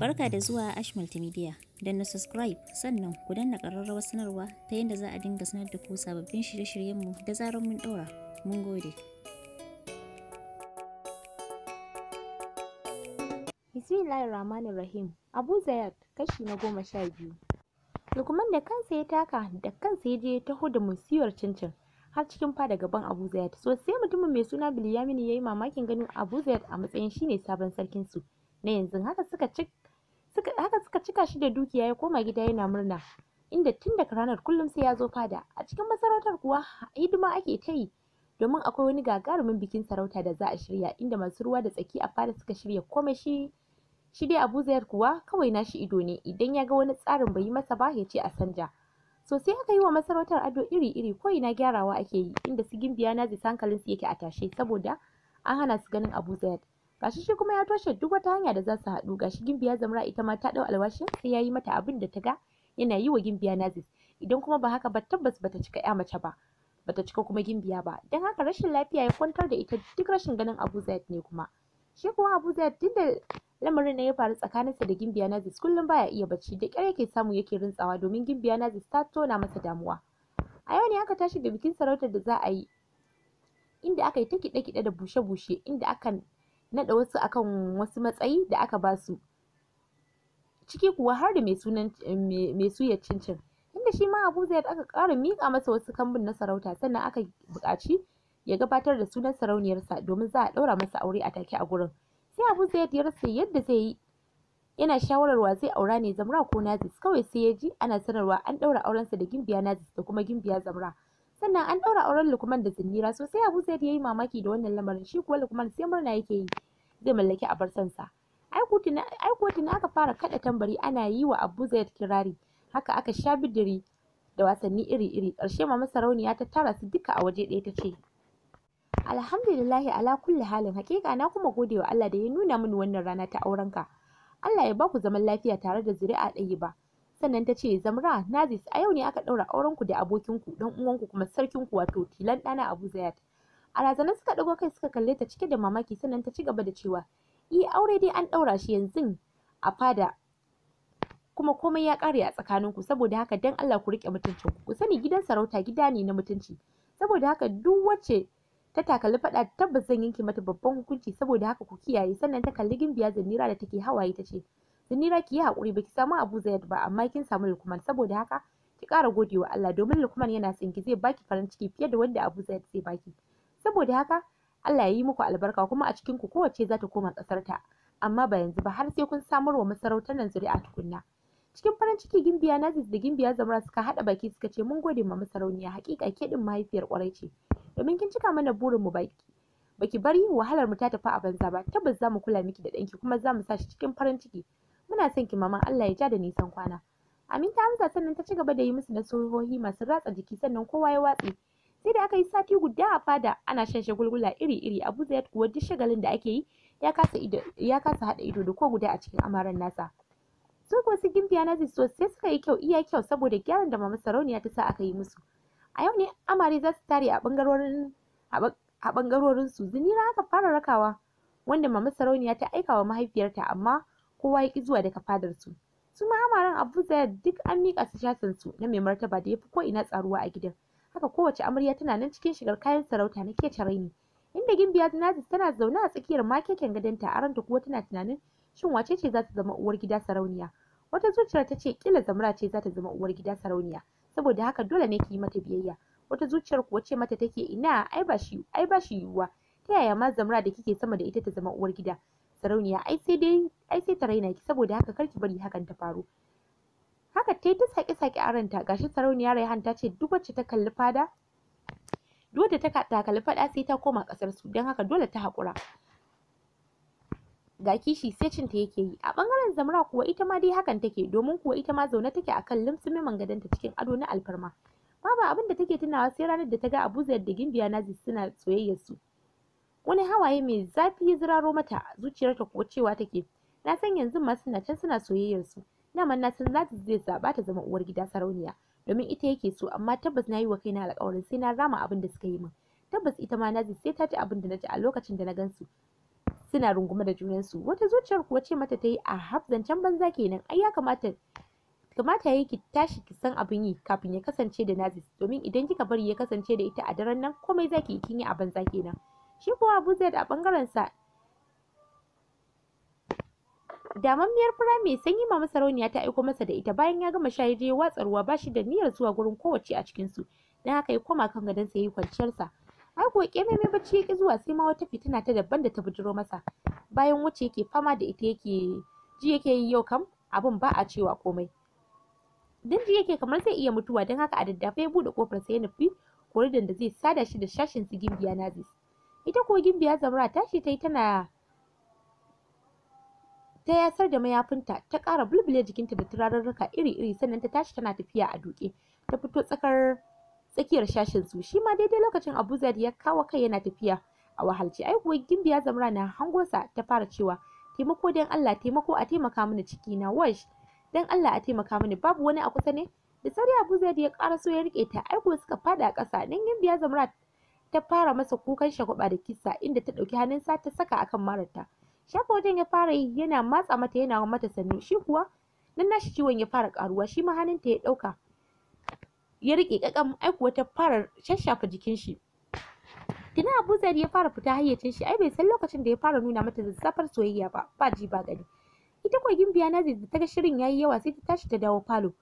Barka da zuwa Ash Multimedia. Don na subscribe sannan ku danna ƙararrawar sanarwa ta yadda za a dinga sanar da ku sababbin shirye-shiryenmu da zarar mun ɗora. Mun gode. Bismillahirrahmanirrahim. Abu zayat kashi na goma sha biyu. Lukman da kansa ya taka da kansa ya je taho da musiyar cincin. har cikin fada gaban Abu zayat So sai mutumin mai suna Bilyamini ya yi mamakin ganin Abu zayat a matsayin shine sabon sarkin su. Na yanzu haka suka cika. haka suka cika shi da dukiya ya koma gida yana murna inda tun daga ranar kullum sai ya zo fada a cikin masarautar kuwa hidima ake ta yi domin akwai wani gagarumin bikin sarauta da za a shirya inda masu ruwa da tsaki a fada suka shirya komai shi shi dai Abu kuwa kawai nashi ido ne idan ya ga wani tsarin bai yi masa ba ya ce a sanja so sai aka yi wa masarautar ado iri-iri ko ina gyarawa ake yi inda su gimbiya na zai sankalin su yake a tashe saboda an hana su ganin Abu gashi shi kuma ya toshe duk wata hanya da za su haɗu gashi gimbiya zamra ita ma ta ɗau alwashin sai ya yi mata abin da ta ga yana yi wa gimbiya nazis idan kuma ba haka ba tabbas bata cika ya mace ba bata cika kuma gimbiya ba don haka rashin lafiya ya kwantar da ita duk rashin ganin abu zaid ne kuma shi kuma abu zaid da lamarin ne ya faru tsakaninsa da gimbiya nazis kullum baya iya bacci da ƙyar yake samu yake rintsawa domin gimbiya nazis ta tona masa damuwa a yau ne aka tashi da bikin sarautar da za a yi inda aka yi ta kiɗe-kiɗe da bushe-bushe inda akan naɗa wasu akan wasu matsayi da aka ba su ciki kuwa har da mai suya cin-cin. cincin inda shi ma Abu zai aka ƙara miƙa masa wasu kambun na sarauta sannan aka buƙaci ya gabatar da sunan sarauniyarsa domin za a ɗaura masa aure a take a gurin sai Abu zai ya rasa yadda zai yi yana shawararwa zai aura ne Zamra ko Nazis kawai sai ya ji ana sanarwa an ɗaura aurensa da Gimbiya Nazis da kuma Gimbiya Zamra sannan an ɗaura auren lukman da zinnira sosai abu ya yi mamaki da wannan lamarin shi kuwa lukman sai murna yake yi zai mallaki a bar sansa ai kotu na aka fara kada tambari ana yi wa abu zai kirari haka aka sha bidiri da wasanni iri-iri ƙarshe mama sarauniya ta tara su duka a waje ɗaya ta ce alhamdulillahi ala kulli halin hakika na kuma gode wa Allah da ya nuna mini wannan rana ta aurenka Allah ya baku zaman lafiya tare da zuri'a ɗaya ba sannan ta ce zamra nazis a yau ne aka ɗaura aurenku da abokinku dan uwanku kuma sarkinku wato tilan ɗana abu zayat a razanar suka ɗago kai suka kalle ta cike da mamaki sannan ta ci gaba da cewa i aure dai an ɗaura shi yanzu a fada kuma komai ya ƙare a tsakaninku saboda haka dan Allah ku riƙe mutuncin ku sani gidan sarauta gida ne na mutunci saboda haka duk wacce ta takalli faɗa tabbas zan yanke mata babban hukunci saboda haka ku kiyaye sannan ta kalli gimbiya zanira da take hawaye ta ce Zinira kiyi yi haƙuri baki samu Abu Zaid ba amma kin samu Lukman saboda haka ki ƙara godewa Allah domin Lukman yana tsinki zai baki farin ciki fiye da wanda Abu Zaid zai baki. Saboda haka Allah ya yi muku albarka kuma a cikin ku kowace za ta koma ƙasarta amma ba yanzu ba har sai kun samar wa masarautar nan zuri'a tukunna. Cikin farin ciki Gimbiya Nazis da Gimbiya Zamra suka haɗa baki suka ce mun gode ma masarauniya haƙiƙa ke ɗin mahaifiyar kwarai ce domin kin cika mana burin mu baki. Baki bari wahalar mu ta tafi a banza ba tabbas za kula miki da ɗanki kuma za mu sa shi cikin farin ciki ina son ki mama Allah ya ja da nisan kwana Amin amsa sannan ta ci gaba da yi musu sohohi masu ratsa jiki sannan kowa ya watsi. sai da aka yi sati guda a fada ana shan shagulgula iri-iri Abu Zaid kuwa duk shagalin da ake yi ya kasa haɗa ido da ko guda a cikin amaran nasa su kuwa su gimbiya na zisto sai suka yi kyau iya kyau saboda gyaran da mama sarauniya ta sa aka yi musu a yau ne amare za su tare a bangarorin a bangarorin su zinira aka fara rakawa wanda mama sarauniya ta aika wa mahaifiyarta amma kowa ya ƙi zuwa daga fadar su su ma amaran abu duk an miƙa su shafin su na mai martaba da ya fi ko ina tsaruwa a gidan haka kowace amarya tana nan cikin shigar kayan sarauta na kece raini inda gimbiya nazis tana zaune a tsakiyar makeken gadonta a ranta kuwa tana tunanin shin wace ce za ta zama uwar gida sarauniya wata zuciyar ta ce kila zamra ce za ta zama uwar gida sarauniya saboda haka dole ne ki yi mata biyayya wata zuciyar kuwa ce mata take ina ai ba shi ai ba shi yiwuwa ta yaya ma zamra da kike sama da ita ta zama uwar gida sarauniya ai sai dai ai sai ta raina ki saboda haka kar ki bari hakan ta faru haka tai ta saki saki aranta gashi sarauniya Raihan ta ce duk wacce ta kalli fada duk wacce ta kalli fada sai ta koma kasar su don haka dole ta hakura ga kishi sai cinta yake yi a bangaren zamra kuwa ita ma dai hakan take domin kuwa ita ma zaune take akan limsumin mangadanta cikin ado na alfarma babu abin da take tunawa sai ranar da ta ga abuzar da Gimbiya Nazis suna soyayyar su wani hawaye mai zafi ya ziraro mata a zuciyarta kuwa cewa take na san yanzu ma suna can suna soyayyar su dama na san za ta zai zaba ta zama uwar gida sarauniya domin ita yake so amma tabbas na yi wa kaina alƙawarin sai na rama abin da suka yi min tabbas ita ma na sai ta ji abin da na ji a lokacin da na gan su suna rungume da junansu wata zuciyar kuwa ce mata ta yi a hafzancen banza kenan ai ya kamata kamata yi ki tashi ki san abin yi kafin ya kasance da Nazis domin idan kika bari ya kasance da ita a daren nan komai zaki yi kin yi a banza kenan shi kuwa Abu Zaid a ɓangarensa damammiyar firamare sun sanyi mama sarauniya ta aiko masa da ita bayan ya gama shayi ya watsa ruwa ba shi da niyyar zuwa gurin kowace a su Na haka ya koma kan sa ya yi kwanciyarsa ai ko kememe bacci ya zuwa sai ma wata fitina ta daban da ta bujiro masa bayan wuce yake fama da ita yake ji yake yi yau kam abun ba a cewa komai dan ji yake kamar zai iya mutuwa dan haka a daddafe ya buɗe kofar sai ya nufi koridan da zai sada shi da shashin sigin biya nazis ita ko gimbiya zamura tashi ta yi tana ta yasar da mayafinta ta ƙara bulbule jikinta da turarurruka iri-iri sannan ta tashi tana tafiya a duke ta fito tsakar tsakiyar shashin su shi ma daidai lokacin abu zari ya kawo kai yana tafiya a wahalci ai kuwa gimbiya zamura na hangosa ta fara cewa taimako don allah taimako a taimaka mini ciki na wash dan allah a taimaka mini babu wani a kusa ne da sauri abu zari ya ƙara so ya rike ta ai kuwa suka fadi a ƙasa don gimbiya zamura. ta fara masa kukan shagwaba da kisa inda ta ɗauki hannunsa ta saka akan marata. shafa wajen ya fara yi yana matsa mata yana mata sannu shi kuwa nan nashi ciwon ya fara karuwa shi ma hannunta ya ɗauka ya riƙe ƙaƙam ai kuwa ta fara shashafa jikin shi Tina Abu ya fara fita hayyacin shi ai bai san lokacin da ya fara nuna mata zazzafar soyayya ba ba ji ba gani ita kuwa Gimbiya na da ta ga shirin yayi yawa sai ta tashi ta dawo falo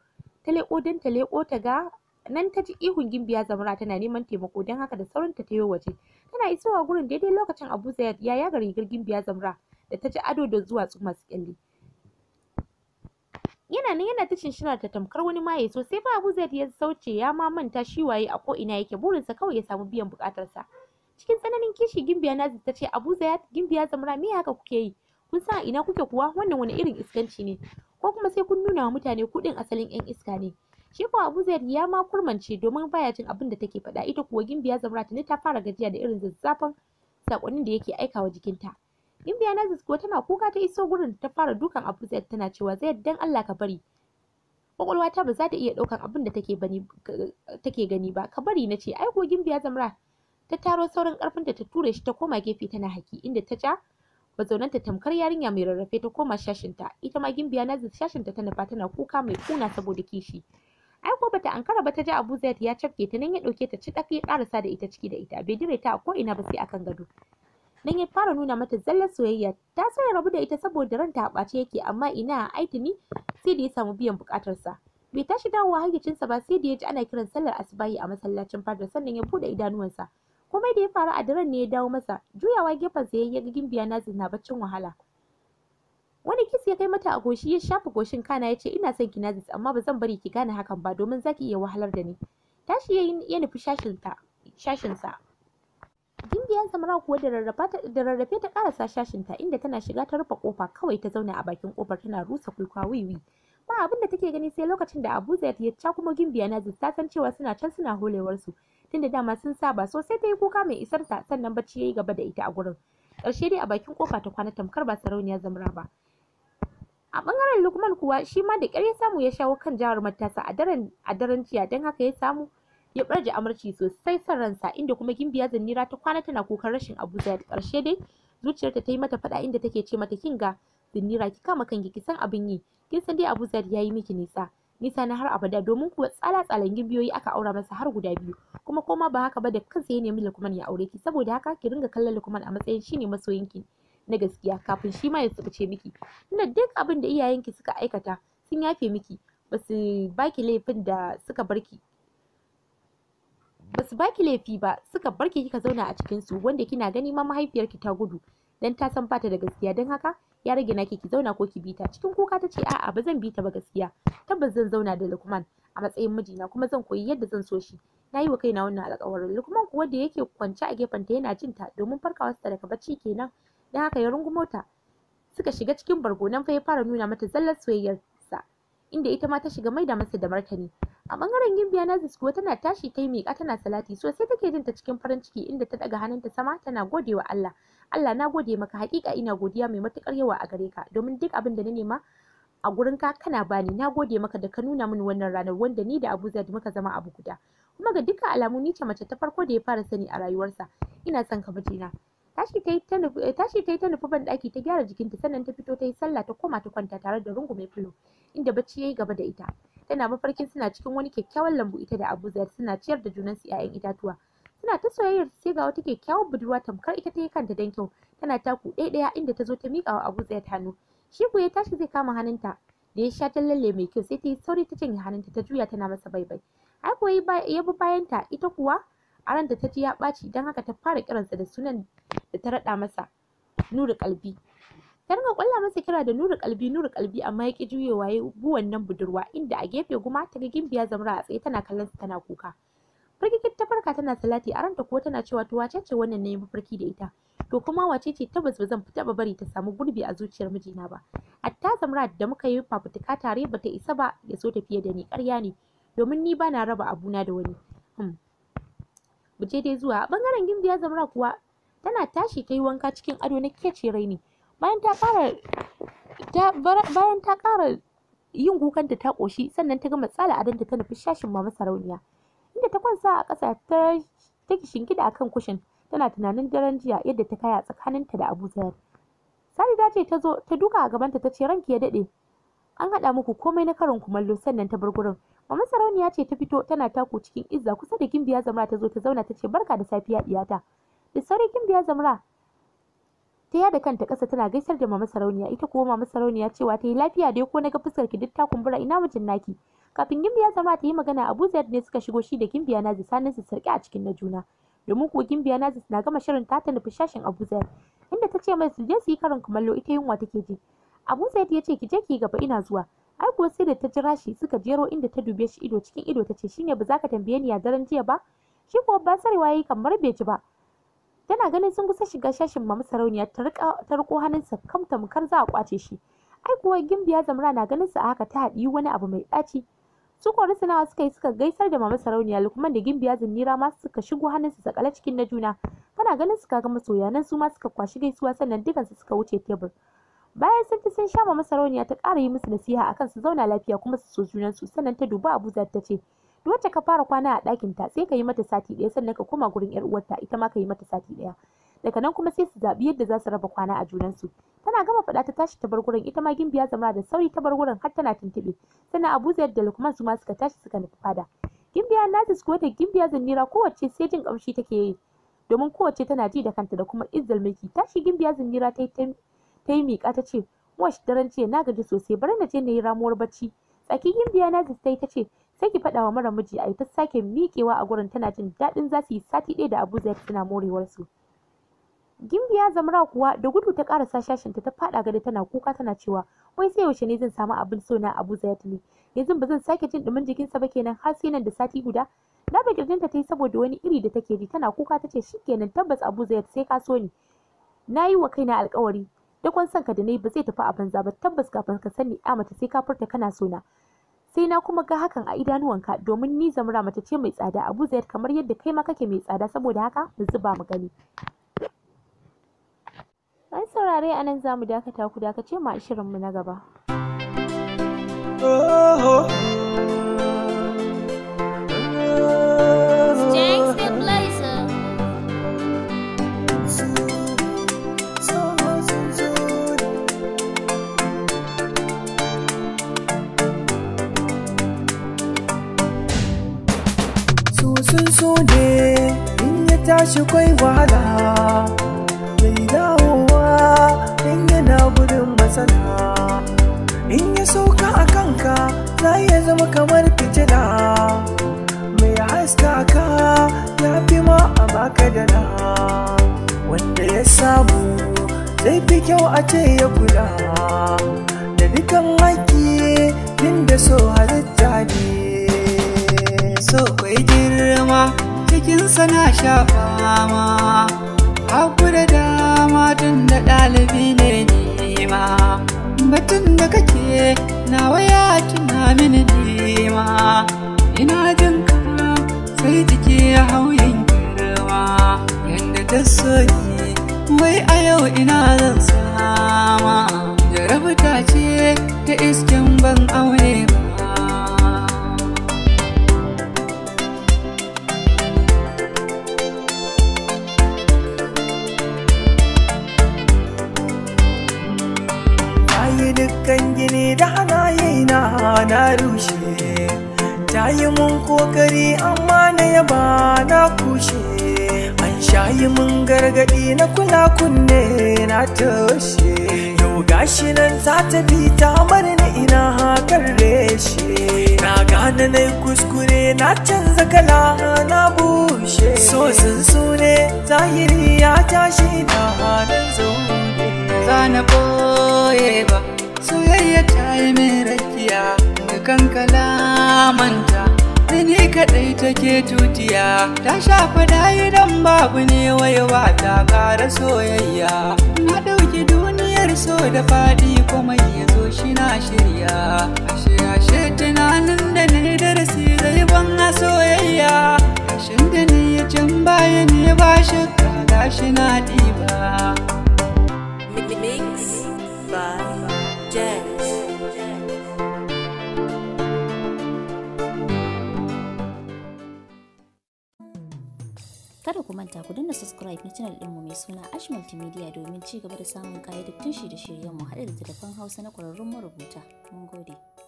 ta leƙo don ta leƙo ta ga nan ta ji ihun gimbiya zamra tana neman taimako don haka da saurin ta tayo waje tana isowa gurin daidai lokacin abu zayat ya yaga rigar gimbiya zamra da ta ji ado da zuwa tsuma su kyalle yana nan yana ta shinshina ta tamkar wani maye sai ba abu zayat ya sauce ya ma manta shi waye a ko ina yake burinsa kawai ya samu biyan bukatarsa cikin tsananin kishi gimbiya nazi ta ce abu zayat gimbiya zamra me haka kuke yi kun sa ina kuke kuwa wannan wani irin iskanci ne ko kuma sai kun nuna wa mutane kudin asalin yan iska ne shi kuwa abu zai ya ma kurmance domin baya jin abin da take faɗa ita kuwa gimbiya zamra ne ta fara gajiya da irin zazzafin sakonin da yake aikawa jikinta gimbiya nazis kuwa tana kuka ta iso gurin ta fara dukan abu zai tana cewa zai dan allah ka bari kwakwalwa ta ba za ta iya ɗaukan abin da take take gani ba ka bari na ce ai ko gimbiya zamra ta taro sauran karfin ta ture shi ta koma gefe tana haki inda ta ja mazaunanta tamkar yarinya mai rarrafe ta koma shashinta ita ma gimbiya nazis shashinta ta nufa tana kuka mai kuna saboda kishi ai ko bata ankara ba ta ji Abu ya cafke ta nan ya dauke ta ci ya karasa da ita ciki da ita bai dire ta ko ina ba sai akan gado nan ya fara nuna mata zallar soyayya ta so ya rabu da ita saboda ranta a bace yake amma ina aitini sai da ya samu biyan bukatarsa bai tashi dawowa hayyacinsa ba sai da ya ji ana kiran sallar asubahi a masallacin fadar sannan ya bude idanuwansa komai da ya faru a daren ne ya dawo masa juyawa gefen sa ya gimbiya na na baccin wahala wani kis ya kai mata a goshi ya shafa goshin kana ya ce ina son ki Nazis amma ba zan bari ki gane hakan ba domin zaki iya wahalar da ni tashi ya nufi shashinta shashinsa ya Samara kuwa da rarrafe ta karasa shashinta inda tana shiga ta rufe kofa kawai ta zauna a bakin kofar tana rusa kulkwa wiwi. Ba abin da take gani sai lokacin da Abu Zaid ya ta kuma Gimbiya Nazis ta san cewa suna can suna holewar su tunda dama sun saba sosai ta yi kuka mai isar ta sannan bacci yayi gaba da ita a gurin. Ƙarshe dai a bakin kofa ta kwana tamkar ba sarauniya Zamra ba. a bangaren lukman kuwa shi ma da ƙyar ya samu ya shawo kan jihar matasa a daren a jiya don haka ya samu ya barje amurci sosai son ransa inda kuma gimbiya zannira ta kwana tana kukan rashin abuja da ƙarshe dai zuciyarta ta yi mata faɗa inda take ce mata kinga zannira ki kama kan ki san abin yi kin san dai abuja ya yi miki nisa nisa na har abada domin kuwa tsala tsalan gimbiyoyi aka aura masa har guda biyu kuma koma ba haka ba da kansa ya nemi lukman ya aure ki saboda haka ki ringa kallon lukman a matsayin shine masoyinki na gaskiya kafin shi ma ya tsubuce miki tunda duk abin da iyayenki suka aikata sun yafe miki basu baki laifin da suka barki basu baki laifi ba suka barki kika zauna a cikin su wanda kina gani ma mahaifiyarki ta gudu dan ta san bata da gaskiya dan haka ya rage naki ki zauna ko ki bita cikin kuka ta ce a'a ba zan bita ba gaskiya tabbas zan zauna da Lukman a matsayin mijina kuma zan koyi yadda zan so shi na yi wa kaina wannan alƙawarin Lukman kuwa da yake kwance a gefenta yana jin ta domin farkawarsa daga bacci kenan da haka ya rungumo ta suka shiga cikin bargonan fa ya fara nuna mata zallar soyayyar sa inda ita ma ta shiga maida masa da martani a bangaren gimbiya nazis kuwa tana tashi ta yi miƙa tana salati sosai take jin ta cikin farin ciki inda ta daga hannunta sama tana gode wa Allah Allah na gode maka hakika ina godiya mai matukar yawa a gare ka domin duk abin da na nema a gurin ka kana bani na gode maka da ka nuna min wannan ranar wanda ni da Abuja da muka zama abu guda kuma ga dukkan alamu ni ce mace ta farko da ya fara sani a rayuwarsa ina son ka mijina tashi ta yi ta nufi eh, tashi ta yi ta gyara jikinta sannan ta fito ta yi sallah ta koma ta kwanta tare da rungume filo inda bacci yi gaba da ita tana mafarkin suna cikin wani kyakkyawan lambu ita da Abuja suna ciyar da junansu 'ya'yan itatuwa suna ta soyayyar sai ga wata kyakkyawan budurwa tamkar ita ta yi kanta dan kyau tana taku ɗaya ɗaya inda ta zo ta miƙa wa Abu hannu shi ku ya tashi zai kama hannunta da ya sha ta lalle mai kyau sai ta yi sauri ta janye hannunta ta juya tana masa bai ai ko ya bi bayanta ita kuwa a da ta ji ya ɓaci don haka ta fara kiransa da sunan da ta raɗa masa nuru kalbi ta rinka ƙwalla masa kira da nuru kalbi nuru kalbi amma ya ƙi juyewa ya bu wannan budurwa inda a gefe kuma ta ga gimbiya zamra a tsaye tana kallon tana kuka firgikin ta farka tana salati a ranta kuwa tana cewa to wace ce wannan ne mafarki da ita to kuma wace ce tabbas ba zan taɓa bari ta samu gurbi a zuciyar mijina ba hatta zamra da muka yi fafutuka tare bata isa ba ya so tafiye da ni ƙarya ne domin ni bana raba abuna da wani hmm. Buje dai zuwa bangaren gimbiya zamra kuwa tana tashi ta yi wanka cikin ado na kece raini. Bayan ta ƙara bayan ta ƙara yin kukanta ta ƙoshi sannan ta gama tsala adon da ta nufi shashin mama sarauniya. Inda ta kwansa a ƙasa ta take shingida a kan kushin tana tunanin daren jiya yadda ta kaya tsakaninta da Abu Zayar. ta ce ta zo ta duka a gabanta ta ce ranki ya daɗe an haɗa muku komai na karin kumallo sannan ta bar gurin mama sarauniya ce ta fito tana taku cikin izza kusa da gimbiya zamra ta zo ta zauna ta ce barka da safiya iyata da sauri gimbiya zamra ta yada kanta ƙasa tana gaisar da mama sarauniya ita kuwa mama sarauniya cewa ta yi lafiya dai ko na ga fuskar ki duk ta kumbura ina mijin naki kafin gimbiya zama ta yi magana abu zaid ne suka shigo shi da gimbiya nazi sanin su sarki a cikin na juna domin kuwa gimbiya nazi na gama shirin ta ta nufi shashin abu inda ta ce mai su je su yi karin kumallo ita yunwa take ji abu sai ya ce ki je ki gaba ina zuwa ai kuwa sai da ta jira shi suka jero inda ta dube shi ido cikin ido ta ce shine ba za ka tambaye ni ya daren jiya ba shi kuwa basarwa yayi kamar bai ji ba tana ganin sun kusa shiga shashin mamu sarauniya ta riko hannunsa kam tamkar za a kwace shi ai kuwa gimbiya zamra na ganin sa haka ta haɗi wani abu mai ɗaci su kuwa risinawa suka yi suka gaisar da mamu sarauniya lukman da gimbiya zinnira ma suka shigo hannunsa sakala cikin na juna kana ganin suka ga masoya nan su ma suka kwashi gaisuwa sannan dukansu suka wuce tebur bayan sun fi sun shama masarauniya ta ƙara yi musu nasiha akan su zauna lafiya kuma su so junan su sannan ta duba abuza ta ce duk wacce ka fara kwana a ɗakin ta sai ka yi mata sati ɗaya sannan ka koma gurin yar uwarta ita ma ka yi mata sati ɗaya daga nan kuma sai su zaɓi yadda za su raba kwana a junan su tana gama faɗa ta tashi ta bar gurin ita ma gimbiya zamra da sauri ta bar gurin har tana tuntuɓe sannan abuza yadda lukman su ma suka tashi suka nufi fada gimbiya nazis kuwa da gimbiya zannira kowace sai jin ƙamshi take yi domin kowace tana ji da kanta da kuma izzal mulki tashi gimbiya zannira ta yi ta yi miƙa ta ce wash daren ce na gaji sosai bari na je na yi ramuwar bacci tsaki yin biya ta yi ta ce sai ki faɗa wa mara miji a ta sake miƙewa a gurin tana jin daɗin za su yi sati ɗaya da tana suna su gimbiya zamra kuwa da gudu ta ƙarasa shashinta ta faɗa gada tana kuka tana cewa wai sai yaushe ne zan samu abin so na ya ne yanzu ba zan sake jin ɗumin jikinsa ba kenan har sai nan da sati guda na ba ta yi saboda wani iri da take ji tana kuka ta ce shikenan tabbas abuja sai ka so ni na yi wa kaina alkawari duk wani son ka da nayi ba zai tafi a banza ba tabbas kafin ka sani a mace sai ka furta kana sona sai na kuma ga hakan a idanuwanka domin ni zamura mata ce mai tsada abu zai kamar yadda kai ma kake mai tsada saboda haka mu zuba mu gani an saurare a nan zamu dakata ku dakace mu a shirinmu na gaba. sun so ne in ya tashi kwai wahala Mai dawowa in yana gudun matsala in ya sauka a kanka za ya zama kamar fitila mai haska ka ya fi ma abaka baka da na wanda ya samu zai fi kyau a ce ya kula da dukan haƙi inda so halitta ne so jikinsa sana sha fama hakura dama tun da ɗalibi ne nema batun da kake na waya tuna mini nema ina jin ka sai jiki ya hauyin girma yadda ta soyi wai a yau ina zan sama jarabta ce ta iskin ban aure ba gadi na kula kunne na toshe yau gashi nan ta bi ta na ina hakan reshe na gane na kuskure na canza kala na bushe so sun ne zahiri ya tashi na hannun zaune zana boye ba soyayya ta yi mai rakiya kankala manta ni kadai take tutiya ta shafa dayi dan babu ne waiwa ta ƙara soyayya na ɗauki duniyar so da faɗi kuma ya zo shi na shirya ashe ashe tunanin da ne darasi zai ban a soyayya Shin da ni ya can baya ne ba shakka gashi na ɗi manta ku danna subscribe na channel ɗinmu mai suna Ash Multimedia domin ci gaba da samun kayyadattun shi da shiryenmu haɗe da telefon Hausa na ƙwararrun marubuta. Mun gode.